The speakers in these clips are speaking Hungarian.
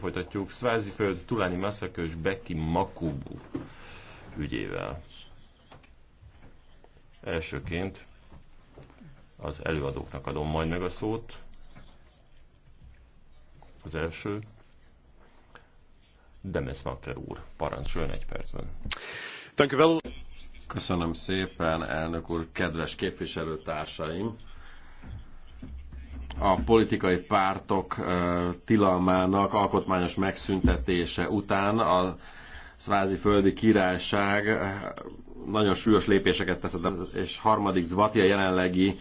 folytatjuk Sváziföld, Tulani Massakő és Beki Makubu ügyével. Elsőként az előadóknak adom majd meg a szót. Az első. Demes Macker úr, parancsoljon egy percben. Köszönöm szépen, elnök úr, kedves képviselőtársaim! a politikai pártok tilalmának alkotmányos megszüntetése után a szvázi földi királyság nagyon súlyos lépéseket tesz, és harmadik a jelenlegi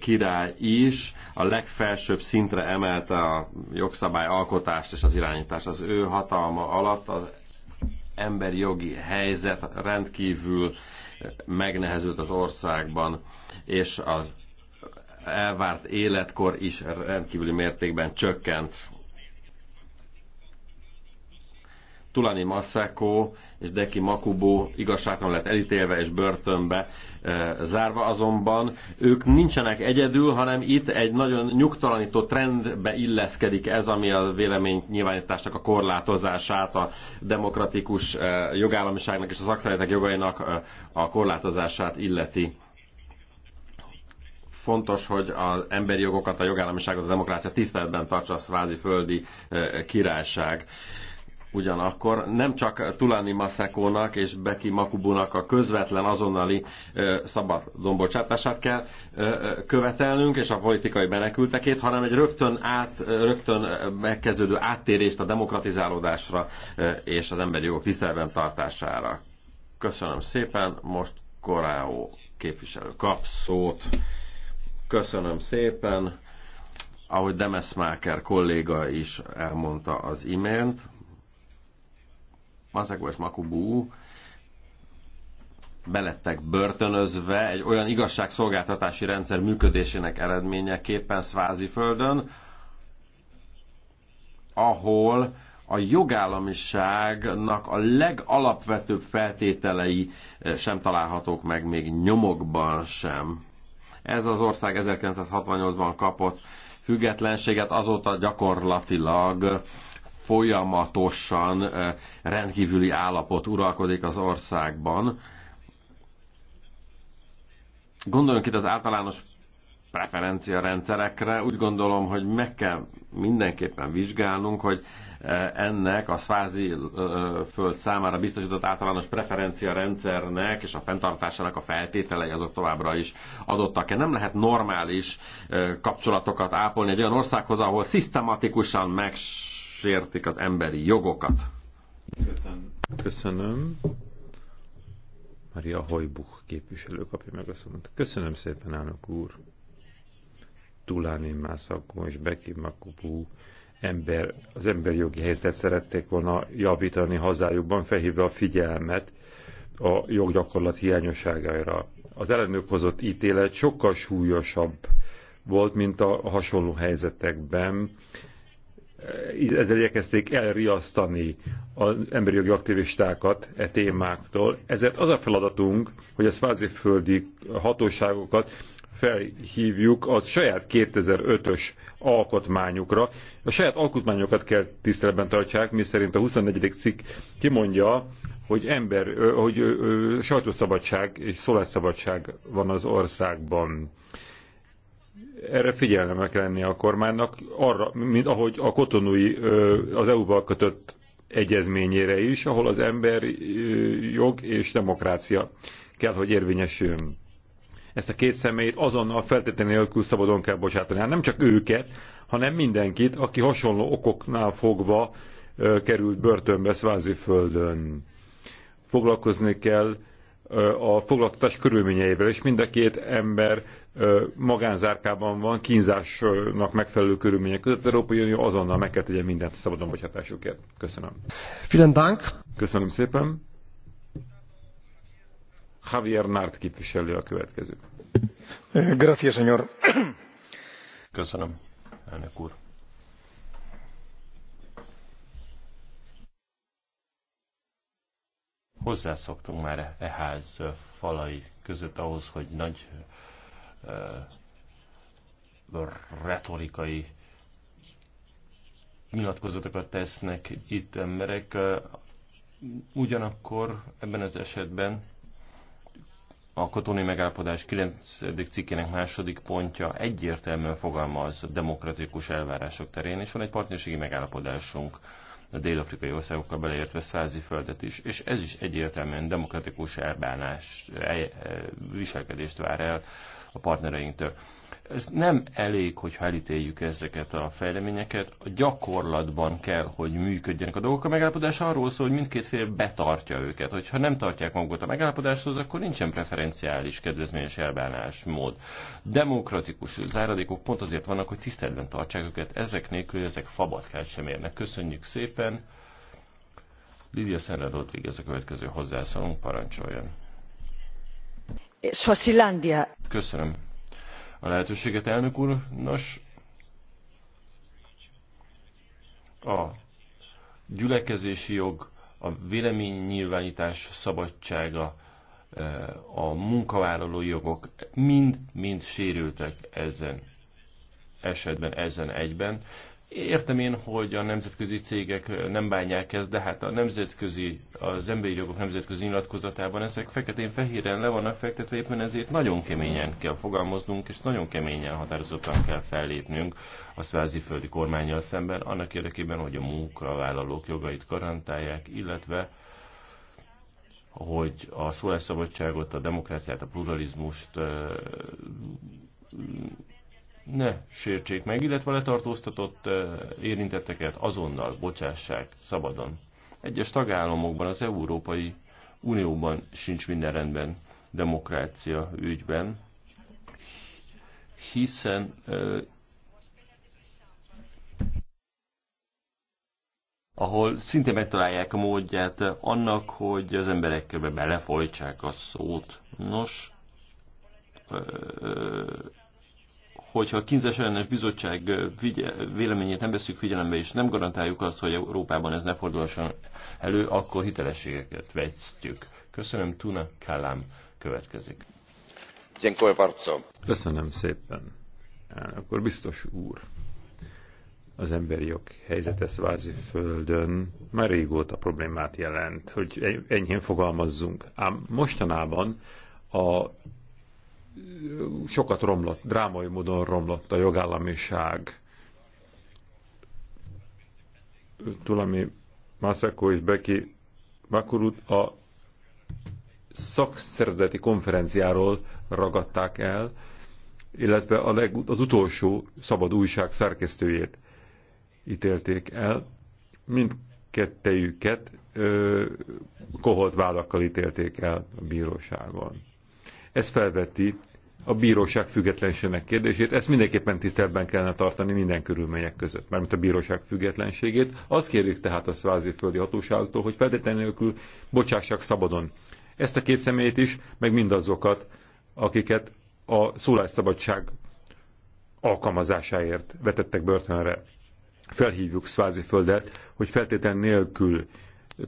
király is a legfelsőbb szintre emelte a jogszabály alkotást és az irányítást. Az ő hatalma alatt az emberi jogi helyzet rendkívül megnehezült az országban, és az elvárt életkor is rendkívüli mértékben csökkent. Tulani Masako és Deki makubó igazságtalan lett elítélve és börtönbe e, zárva azonban. Ők nincsenek egyedül, hanem itt egy nagyon nyugtalanító trendbe illeszkedik ez, ami a vélemény nyilvánításnak a korlátozását, a demokratikus e, jogállamiságnak és a szakszeretek jogainak e, a korlátozását illeti Fontos, hogy az emberi jogokat, a jogállamiságot, a demokrácia tiszteletben tartsa a szvázi földi eh, királyság. Ugyanakkor nem csak Tulani Maszekónak és Beki Makubunak a közvetlen azonnali ö, eh, szabadon kell ö, eh, követelnünk, és a politikai menekültekét, hanem egy rögtön, át, rögtön megkezdődő áttérést a demokratizálódásra ö, és az emberi jogok tisztelben tartására. Köszönöm szépen, most Koráó képviselő kap szót. Köszönöm szépen. Ahogy Demesmáker kolléga is elmondta az imént, és Makubu belettek börtönözve egy olyan igazságszolgáltatási rendszer működésének eredményeképpen Szvázi földön, ahol a jogállamiságnak a legalapvetőbb feltételei sem találhatók meg még nyomokban sem. Ez az ország 1968-ban kapott függetlenséget, azóta gyakorlatilag folyamatosan rendkívüli állapot uralkodik az országban. Gondoljunk itt az általános preferencia rendszerekre. Úgy gondolom, hogy meg kell mindenképpen vizsgálnunk, hogy e, ennek a szvázi e, föld számára biztosított általános preferencia rendszernek és a fenntartásának a feltételei azok továbbra is adottak-e. Nem lehet normális e, kapcsolatokat ápolni egy olyan országhoz, ahol szisztematikusan megsértik az emberi jogokat. Köszönöm. Köszönöm. Maria Hojbuch képviselő kapja meg a szót. Köszönöm szépen, elnök úr. Tulani Mászakó és Beki Makubú ember, az emberjogi helyzetet szerették volna javítani hazájukban, felhívva a figyelmet a joggyakorlat hiányosságaira. Az ellenők hozott ítélet sokkal súlyosabb volt, mint a hasonló helyzetekben. Ezzel igyekezték elriasztani az emberi jogi aktivistákat e témáktól. Ezért az a feladatunk, hogy a szváziföldi hatóságokat felhívjuk a saját 2005-ös alkotmányukra. A saját alkotmányokat kell tiszteletben tartsák, miszerint a 24. cikk kimondja, hogy ember, hogy sajtószabadság és szólásszabadság van az országban. Erre figyelemmel kell lenni a kormánynak, arra, mint ahogy a kotonui az EU-val kötött egyezményére is, ahol az ember jog és demokrácia kell, hogy érvényesüljön ezt a két személyt azonnal feltétlenül nélkül szabadon kell bocsátani. Hát nem csak őket, hanem mindenkit, aki hasonló okoknál fogva ö, került börtönbe földön. Foglalkozni kell ö, a foglalkozás körülményeivel, és mind a két ember ö, magánzárkában van, kínzásnak megfelelő körülmények között. Az Európai Unió azonnal meg kell tegye mindent a szabadon bocsátásukért. Köszönöm. Vielen Dank. Köszönöm szépen. Javier Nárt képviselő a következő. Gracias, señor. Köszönöm, elnök úr. Hozzászoktunk már e ház falai között ahhoz, hogy nagy retorikai nyilatkozatokat tesznek itt emberek. ugyanakkor ebben az esetben a katonai megállapodás 9. cikkének második pontja egyértelműen fogalmaz demokratikus elvárások terén, és van egy partnerségi megállapodásunk a dél-afrikai országokkal beleértve százi földet is, és ez is egyértelműen demokratikus elbánás, el, eh, viselkedést vár el a partnereinktől. Ez nem elég, hogyha elítéljük ezeket a fejleményeket, a gyakorlatban kell, hogy működjenek a dolgok. A megállapodás arról szól, hogy mindkét fél betartja őket. Hogyha nem tartják magukat a megállapodáshoz, akkor nincsen preferenciális kedvezményes elbánás mód. Demokratikus záradékok pont azért vannak, hogy tiszteletben tartsák őket. Ezek nélkül ezek fabatkát sem érnek. Köszönjük szépen! Lidia Szenner ez a következő hozzászólunk, parancsoljon. Swazilandia. Köszönöm a lehetőséget, elnök úr. Nos, a gyülekezési jog, a véleménynyilvánítás szabadsága, eh, a munkavállalói jogok mind-mind sérültek ezen esetben, ezen egyben. Értem én, hogy a nemzetközi cégek nem bánják ezt, de hát a nemzetközi, az emberi jogok nemzetközi nyilatkozatában ezek feketén-fehéren le vannak fektetve, éppen ezért nagyon keményen kell fogalmaznunk, és nagyon keményen határozottan kell fellépnünk a földi kormányjal szemben, annak érdekében, hogy a munkavállalók jogait garantálják, illetve hogy a szólásszabadságot, a demokráciát, a pluralizmust ne sértsék meg, illetve letartóztatott eh, érintetteket azonnal bocsássák szabadon. Egyes tagállamokban, az Európai Unióban sincs minden rendben demokrácia ügyben, hiszen eh, ahol szinte megtalálják a módját eh, annak, hogy az emberekbe belefolytsák a szót. Nos, hogyha a kínzás ellenes bizottság véleményét nem veszük figyelembe, és nem garantáljuk azt, hogy Európában ez ne fordulhasson elő, akkor hitelességeket vesztjük. Köszönöm, Tuna Kállám következik. Köszönöm szépen. Akkor biztos úr, az emberi jog helyzete Szvázi földön már régóta problémát jelent, hogy enyhén fogalmazzunk. Ám mostanában a sokat romlott, drámai módon romlott a jogállamiság. Tulami Masako és Beki Makurut a szakszerzeti konferenciáról ragadták el, illetve a leg, az utolsó szabad újság szerkesztőjét ítélték el. Mindkettejüket koholt vádakkal ítélték el a bíróságon. Ez felveti a bíróság függetlenségének kérdését, ezt mindenképpen tiszteletben kellene tartani minden körülmények között, mármint a bíróság függetlenségét. Azt kérjük tehát a földi hatóságoktól, hogy feltétlenül nélkül bocsássák szabadon ezt a két személyt is, meg mindazokat, akiket a szólásszabadság alkalmazásáért vetettek börtönre. Felhívjuk Földet, hogy feltétlen nélkül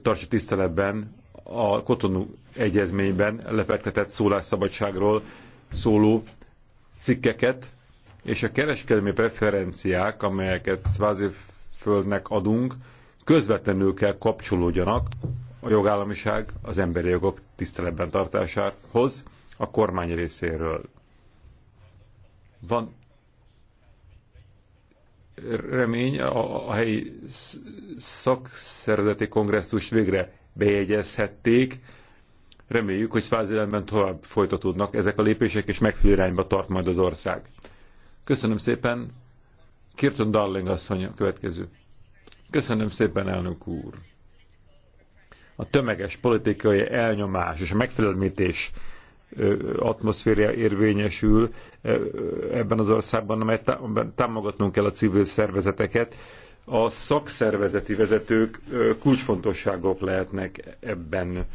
tartsa tiszteletben a kotonu egyezményben lefektetett szólásszabadságról szóló cikkeket, és a kereskedelmi preferenciák, amelyeket Sváziföldnek adunk, közvetlenül kell kapcsolódjanak a jogállamiság az emberi jogok tiszteletben tartásához a kormány részéről. Van remény a, a helyi szakszervezeti kongresszus végre bejegyezhették. Reméljük, hogy Svázilemben tovább folytatódnak ezek a lépések, és megfelelő irányba tart majd az ország. Köszönöm szépen. Kirton Darling asszony a következő. Köszönöm szépen, elnök úr. A tömeges politikai elnyomás és a megfelelmítés atmoszféria érvényesül ebben az országban, amelyet támogatnunk kell a civil szervezeteket, a szakszervezeti vezetők kulcsfontosságok lehetnek ebben.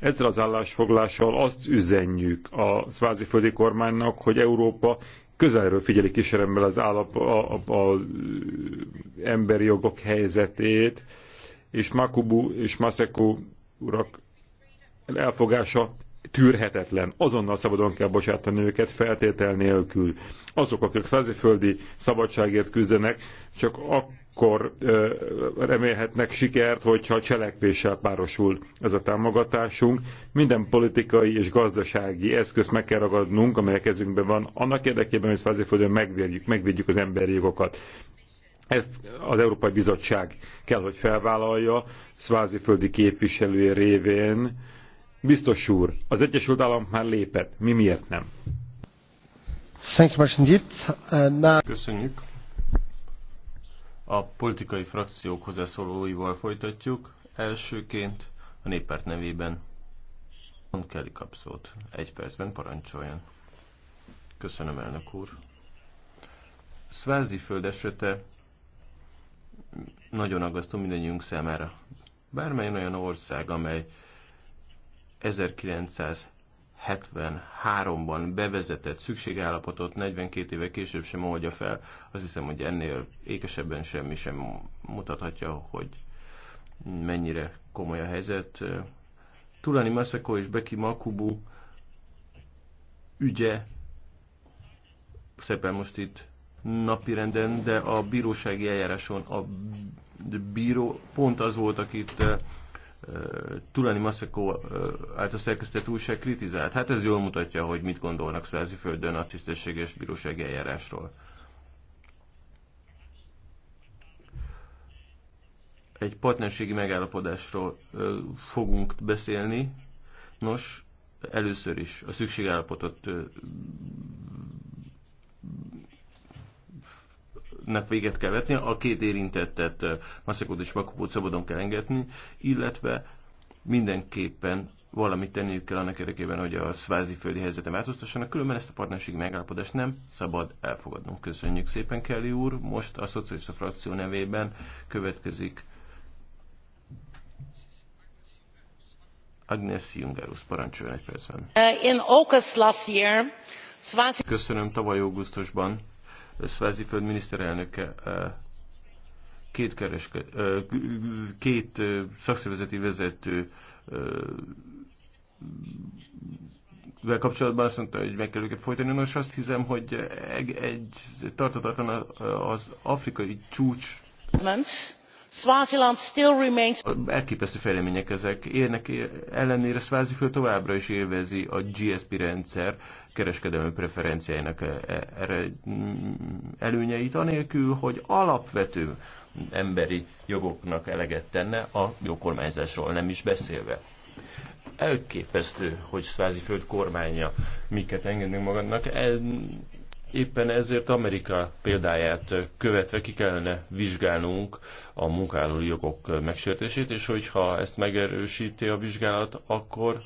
Ezzel az állásfoglással azt üzenjük a szváziföldi kormánynak, hogy Európa közelről figyeli kísérembel az állap, a, a, a, emberi jogok helyzetét, és Makubu és Maseko urak elfogása tűrhetetlen. Azonnal szabadon kell bocsátani őket, feltétel nélkül. Azok, akik földi szabadságért küzdenek, csak akkor ö, remélhetnek sikert, hogyha cselekvéssel párosul ez a támogatásunk. Minden politikai és gazdasági eszközt meg kell ragadnunk, amely a kezünkben van, annak érdekében, hogy Szváziföldön megvédjük, megvédjük az emberi jogokat. Ezt az Európai Bizottság kell, hogy felvállalja Szváziföldi képviselője révén, Biztos úr, az Egyesült Államok már lépett, mi miért nem? Uh, Köszönjük. A politikai frakciók hozzászólóival folytatjuk. Elsőként a néppárt nevében Mond Kelly kapszót. Egy percben parancsoljon. Köszönöm, elnök úr. Szvázi föld esete nagyon aggasztó mindenjünk számára. Bármely olyan ország, amely 1973-ban bevezetett szükségállapotot 42 éve később sem oldja fel. Azt hiszem, hogy ennél ékesebben semmi sem mutathatja, hogy mennyire komoly a helyzet. Tulani Masako és Beki Makubu ügye szépen most itt napirenden, de a bírósági eljáráson a bíró pont az volt, akit Tulani Maszekó által szerkesztett újság kritizált. Hát ez jól mutatja, hogy mit gondolnak Száziföldön a tisztességes bírósági eljárásról. Egy partnerségi megállapodásról fogunk beszélni. Nos, először is a szükségállapotot nek véget kell vetni, a két érintettet Maszekot és Makupót szabadon kell engedni, illetve mindenképpen valamit tenniük kell annak érdekében, hogy a szvázi földi helyzeten változtassanak, különben ezt a partnerségi megállapodást nem szabad elfogadnunk. Köszönjük szépen, Kelly úr. Most a szocialista frakció nevében következik Agnes Jungerus, parancsoljon egy percben. Uh, Köszönöm, tavaly augusztusban Szvázi föld miniszterelnöke eh, két, kereske, eh, két eh, szakszervezeti vezető vel kapcsolatban azt mondta, hogy meg kell őket folytani. Nos, azt hiszem, hogy egy, egy tartatatlan az afrikai csúcs Swaziland still remains... Elképesztő fejlemények ezek. Érnek ellenére Swaziföld továbbra is élvezi a GSP rendszer kereskedelmi preferenciáinak e, e, mm, előnyeit, anélkül, hogy alapvető emberi jogoknak eleget tenne, a jogkormányzásról, nem is beszélve. Elképesztő, hogy föld kormánya miket engedünk magadnak. Éppen ezért Amerika példáját követve ki kellene vizsgálnunk a munkáról jogok megsértését, és hogyha ezt megerősíti a vizsgálat, akkor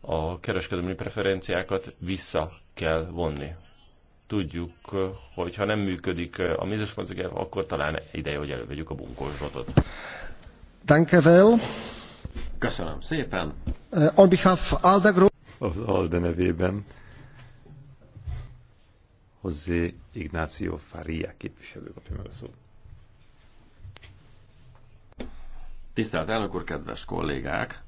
a kereskedelmi preferenciákat vissza kell vonni. Tudjuk, hogy ha nem működik a mézes konziger, akkor talán ideje, hogy elővegyük a bunkósrotot. Danke well. Köszönöm szépen. Uh, on behalf Alda Group. Az Alda nevében José Ignacio Faria képviselő kapja meg a szót. Tisztelt elnök úr, kedves kollégák!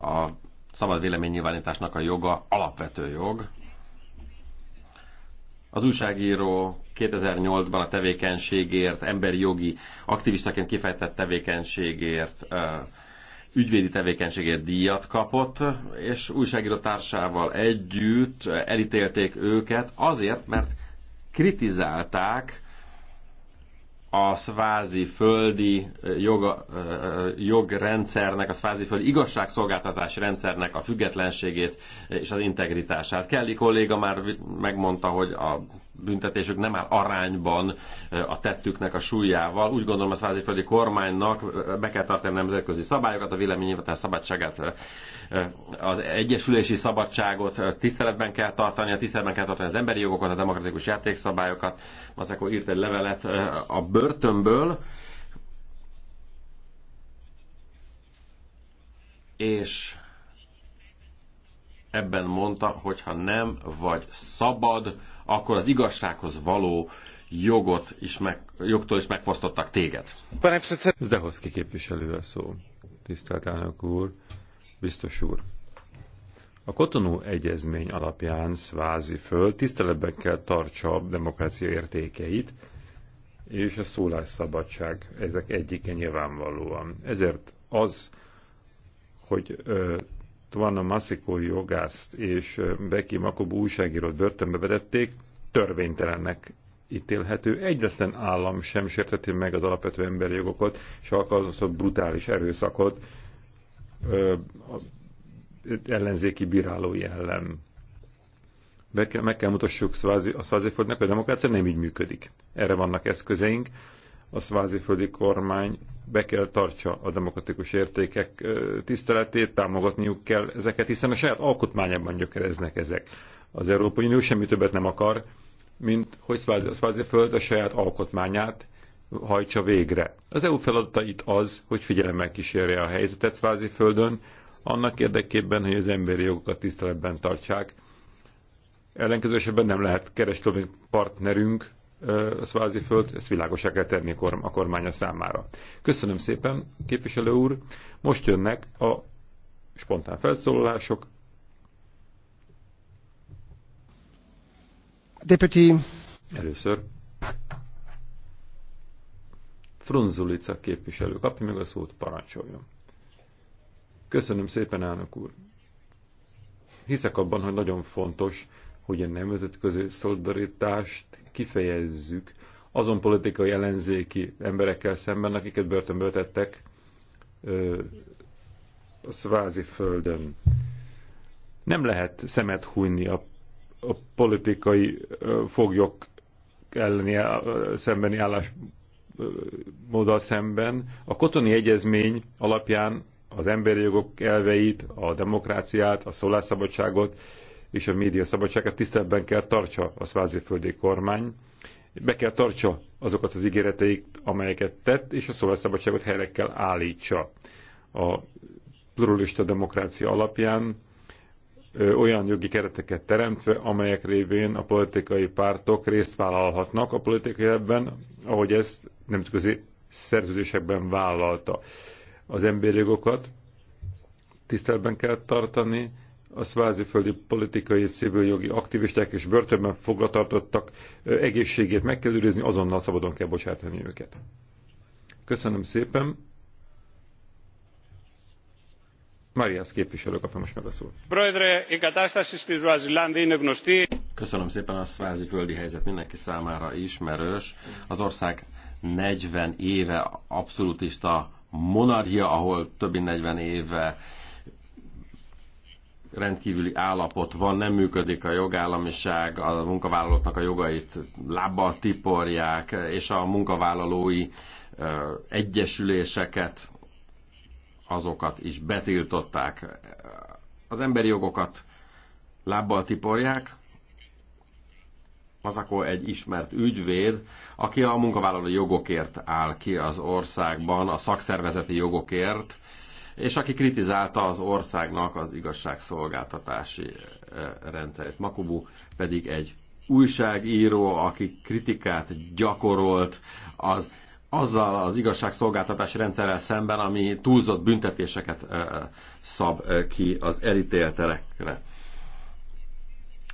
A szabad véleménynyilvánításnak a joga alapvető jog. Az újságíró 2008-ban a tevékenységért, emberi jogi aktivistaként kifejtett tevékenységért ügyvédi tevékenységért díjat kapott, és újságíró társával együtt elítélték őket azért, mert kritizálták a szvázi földi joga, jogrendszernek, a szvázi földi igazságszolgáltatási rendszernek a függetlenségét és az integritását. Kelly kolléga már megmondta, hogy a büntetésük nem áll arányban a tettüknek a súlyával. Úgy gondolom a száziföldi kormánynak be kell tartani a nemzetközi szabályokat, a véleménynyilvánítás szabadságát, az egyesülési szabadságot tiszteletben kell tartani, a tiszteletben kell tartani az emberi jogokat, a demokratikus játékszabályokat. Maszeko írt egy levelet a börtönből, és ebben mondta, hogy ha nem vagy szabad, akkor az igazsághoz való jogot is meg, jogtól is megfosztottak téged. Zdehoszki képviselő a szó. Tisztelt elnök úr, biztos úr. A Kotonó egyezmény alapján Szvázi föl tiszteletben kell tartsa a demokrácia értékeit, és a szólásszabadság ezek egyike nyilvánvalóan. Ezért az, hogy ö, a Masiko jogászt és Beki Makobu újságírót börtönbe vedették, törvénytelennek ítélhető. Egyetlen állam sem sértheti meg az alapvető emberi jogokat, és alkalmazott brutális erőszakot ö, a, ellenzéki bírálói ellen. Be kell, meg kell mutassuk a Svazifordnak, hogy a demokrácia nem így működik. Erre vannak eszközeink a szváziföldi kormány be kell tartsa a demokratikus értékek tiszteletét, támogatniuk kell ezeket, hiszen a saját alkotmányában gyökereznek ezek. Az Európai Unió semmi többet nem akar, mint hogy Szváziföld a saját alkotmányát hajtsa végre. Az EU feladata itt az, hogy figyelemmel kísérje a helyzetet Szváziföldön, annak érdekében, hogy az emberi jogokat tiszteletben tartsák. Ellenkező esetben nem lehet kereskedelmi partnerünk szvázi föld, ezt világosá kell tenni a kormánya számára. Köszönöm szépen, képviselő úr. Most jönnek a spontán felszólalások. Deputy. Először. Frunzulica képviselő. Kapja meg a szót, parancsoljon. Köszönöm szépen, elnök úr. Hiszek abban, hogy nagyon fontos, hogy a nemzetközi szolidaritást kifejezzük azon politikai ellenzéki emberekkel szemben, akiket börtönbe tettek a szvázi földön. Nem lehet szemet hújni a, a politikai foglyok elleni szembeni állásmóddal szemben. A kotoni egyezmény alapján az emberi jogok elveit, a demokráciát, a szólásszabadságot, és a média szabadságát tisztelben kell tartsa a szváziföldi kormány, be kell tartsa azokat az ígéreteik, amelyeket tett, és a szólásszabadságot helyre kell állítsa. A pluralista demokrácia alapján ö, olyan jogi kereteket teremtve, amelyek révén a politikai pártok részt vállalhatnak a politikai ebben, ahogy ezt nemzetközi szerződésekben vállalta. Az emberi jogokat tisztelben kell tartani, a szváziföldi politikai és civil jogi aktivisták és börtönben fogvatartottak egészségét meg kell ürizni, azonnal szabadon kell bocsátani őket. Köszönöm szépen. Mariász képviselő kapja most meg a szót. Köszönöm szépen, a szvázi földi helyzet mindenki számára ismerős. Az ország 40 éve abszolútista monarchia, ahol többi 40 éve rendkívüli állapot van, nem működik a jogállamiság, a munkavállalóknak a jogait lábbal tiporják, és a munkavállalói egyesüléseket, azokat is betiltották. Az emberi jogokat lábbal tiporják, az akkor egy ismert ügyvéd, aki a munkavállalói jogokért áll ki az országban, a szakszervezeti jogokért, és aki kritizálta az országnak az igazságszolgáltatási eh, rendszerét. Makubu pedig egy újságíró, aki kritikát gyakorolt az, azzal az igazságszolgáltatási rendszerrel szemben, ami túlzott büntetéseket eh, szab eh, ki az elítélterekre.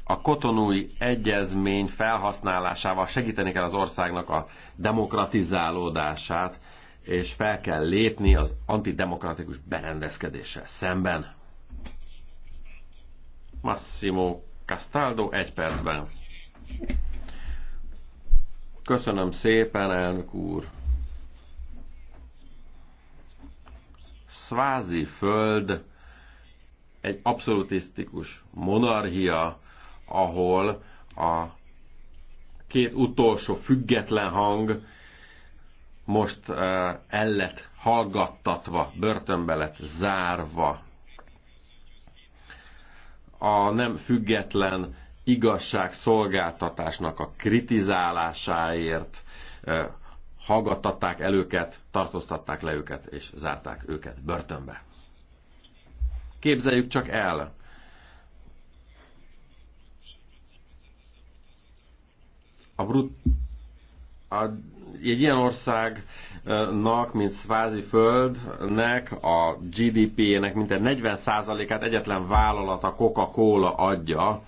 a kotonúi egyezmény felhasználásával segíteni kell az országnak a demokratizálódását, és fel kell lépni az antidemokratikus berendezkedéssel szemben. Massimo Castaldo egy percben. Köszönöm szépen, elnök úr. Szvázi föld egy abszolutisztikus monarchia, ahol a két utolsó független hang most el lett hallgattatva, börtönbe lett zárva. A nem független igazságszolgáltatásnak a kritizálásáért hallgattatták el őket, tartóztatták le őket, és zárták őket börtönbe. Képzeljük csak el, a, brut, a egy ilyen országnak, mint Svázi földnek, a GDP-nek mintegy 40%-át egyetlen vállalat a Coca-Cola adja.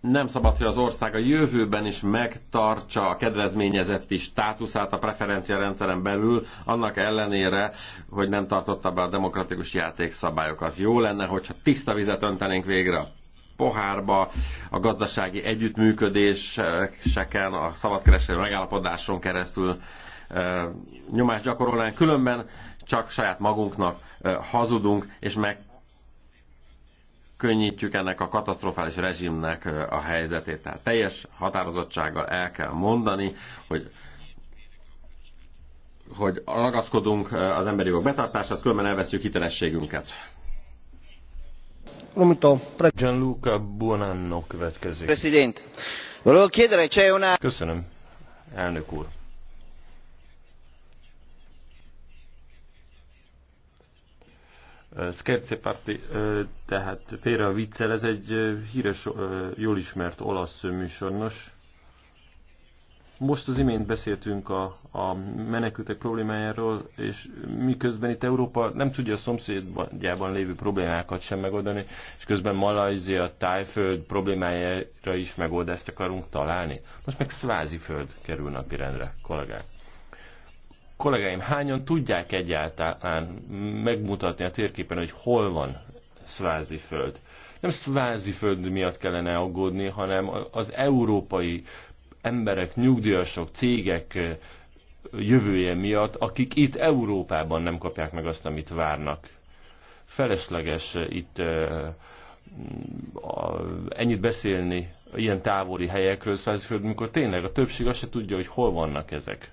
Nem szabad, hogy az ország a jövőben is megtartsa a kedvezményezetti státuszát a preferencia rendszeren belül, annak ellenére, hogy nem tartotta be a demokratikus játékszabályokat. Jó lenne, hogyha tiszta vizet öntenénk végre pohárba, a gazdasági együttműködéseken, a szabadkereskedelmi megállapodáson keresztül nyomást gyakorolnánk, különben csak saját magunknak hazudunk, és meg könnyítjük ennek a katasztrofális rezsimnek a helyzetét. Tehát teljes határozottsággal el kell mondani, hogy hogy ragaszkodunk az emberi jogok betartásához, különben elveszünk hitelességünket. Gianluca Buonanno következik. E Köszönöm, elnök úr. tehát félre a viccel, ez egy híres, jól ismert olasz műsornos, most az imént beszéltünk a, a menekültek problémájáról, és miközben itt Európa nem tudja a szomszédjában lévő problémákat sem megoldani, és közben Malajzia, Tájföld problémájára is megoldást akarunk találni. Most meg Föld kerül napirendre, kollégák. Kollégáim, hányan tudják egyáltalán megmutatni a térképen, hogy hol van Föld? nem szvázi föld miatt kellene aggódni, hanem az európai emberek, nyugdíjasok, cégek jövője miatt, akik itt Európában nem kapják meg azt, amit várnak. Felesleges itt ennyit beszélni ilyen távoli helyekről, szóval, amikor tényleg a többség azt se tudja, hogy hol vannak ezek.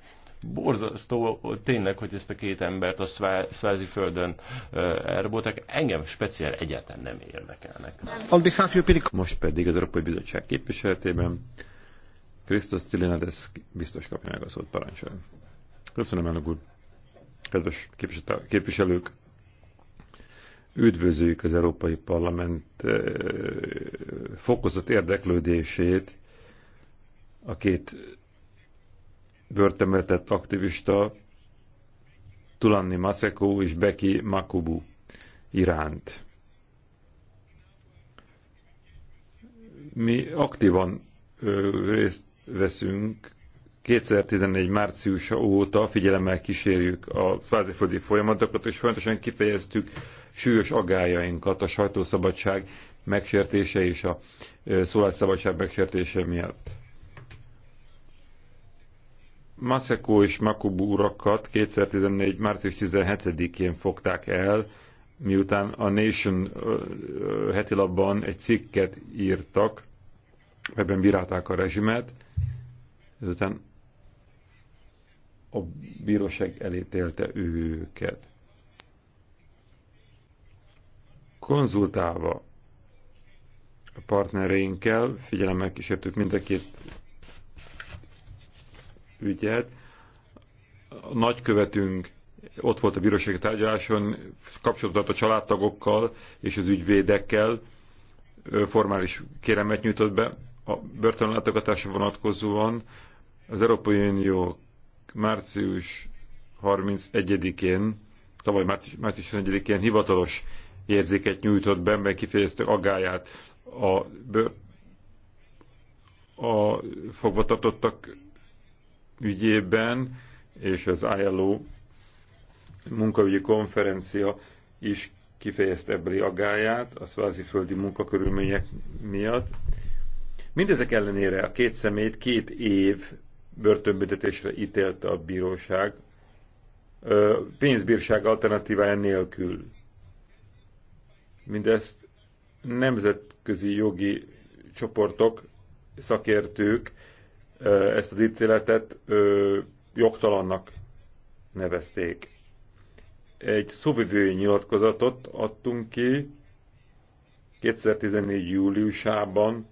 Borzasztó tényleg, hogy ezt a két embert a földön elrabolták, engem speciál egyáltalán nem érdekelnek. Most pedig az Európai Bizottság képviseletében Krisztus Tilinades biztos kapja meg a szót, parancsolja. Köszönöm, elnök úr. Kedves képviselők, üdvözlőjük az Európai Parlament eh, fokozott érdeklődését a két börtemeltett aktivista Tulanni Maseko és Beki Makubu iránt. Mi aktívan részt veszünk. 2014 márciusa óta figyelemmel kísérjük a szvázifodi folyamatokat, és fontosan kifejeztük súlyos agályainkat a sajtószabadság megsértése és a szólásszabadság megsértése miatt. Maseko és Makubu urakat 2014. március 17-én fogták el, miután a Nation heti labban egy cikket írtak ebben bírálták a rezsimet, ezután a bíróság elítélte őket. Konzultálva a partnereinkkel, figyelemmel kísértük mind a két ügyet, a nagykövetünk ott volt a bírósági tárgyaláson, kapcsolatot a családtagokkal és az ügyvédekkel, formális kéremet nyújtott be, a börtönlátogatásra vonatkozóan az Európai Unió március 31-én, tavaly március, március 31-én hivatalos jegyzéket nyújtott be, mert kifejezte agáját a, a fogvatartottak ügyében, és az ILO munkaügyi konferencia is kifejezte ebbeli agáját a szváziföldi munkakörülmények miatt, Mindezek ellenére a két szemét két év börtönbüntetésre ítélte a bíróság, pénzbírság alternatívája nélkül. Mindezt nemzetközi jogi csoportok, szakértők ezt az ítéletet jogtalannak nevezték. Egy szóvivői nyilatkozatot adtunk ki 2014. júliusában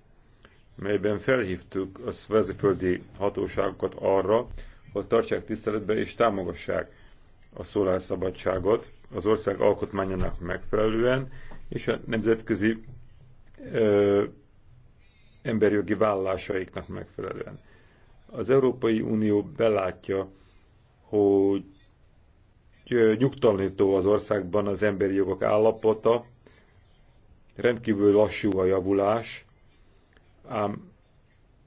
melyben felhívtuk a szveziföldi hatóságokat arra, hogy tartsák tiszteletbe és támogassák a szólásszabadságot az ország alkotmányának megfelelően, és a nemzetközi ö, emberjogi vállásaiknak megfelelően. Az Európai Unió belátja, hogy nyugtalanító az országban az emberi jogok állapota, rendkívül lassú a javulás, Ám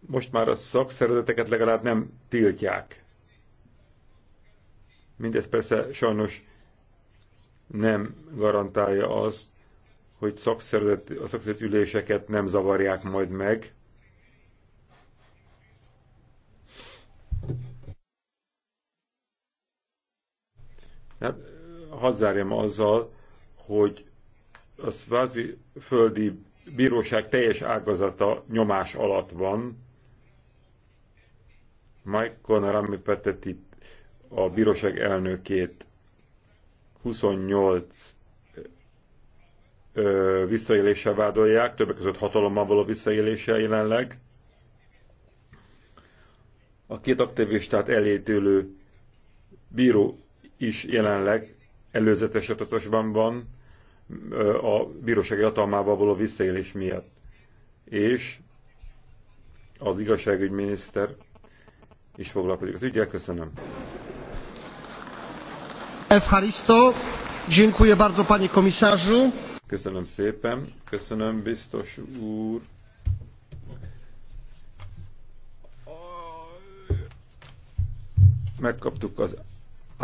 most már a szakszervezeteket legalább nem tiltják. Mindez persze sajnos nem garantálja azt, hogy szakszervezet, a szakszervezet üléseket nem zavarják majd meg. Hát, hazárjam azzal, hogy a szvázi földi bíróság teljes ágazata nyomás alatt van. Mike Conner, ami Peteti a bíróság elnökét 28 ö, visszaéléssel vádolják, többek között hatalommal való visszaélése jelenleg. A két aktivistát elétülő bíró is jelenleg előzetes adatosban van, a bírósági hatalmával való visszaélés miatt. És az igazságügyminiszter is foglalkozik az ügyel. Köszönöm. Evharisto, dziękuję bardzo panie komisarzu. Köszönöm szépen, köszönöm biztos úr. Megkaptuk az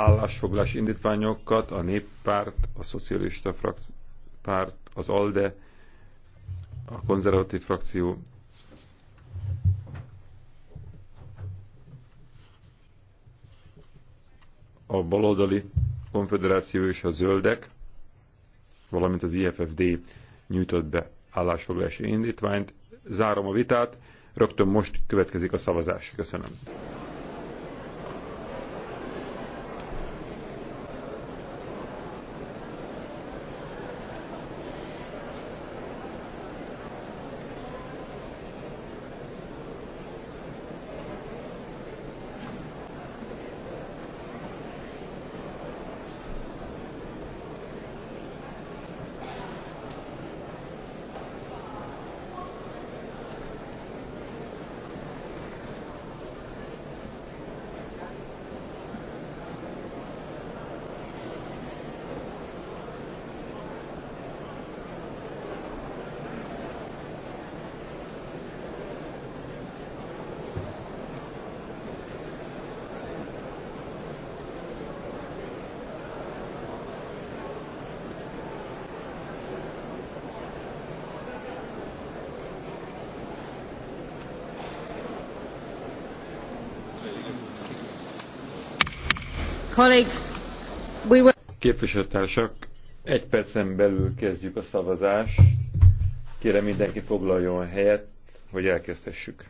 állásfoglalási indítványokat a néppárt, a szocialista párt, az ALDE, a konzervatív frakció a baloldali konfederáció és a zöldek, valamint az IFFD nyújtott be állásfoglalási indítványt. Zárom a vitát, rögtön most következik a szavazás. Köszönöm. Képviselőtársak, egy percen belül kezdjük a szavazást. Kérem mindenki foglaljon helyet, hogy elkezdhessük.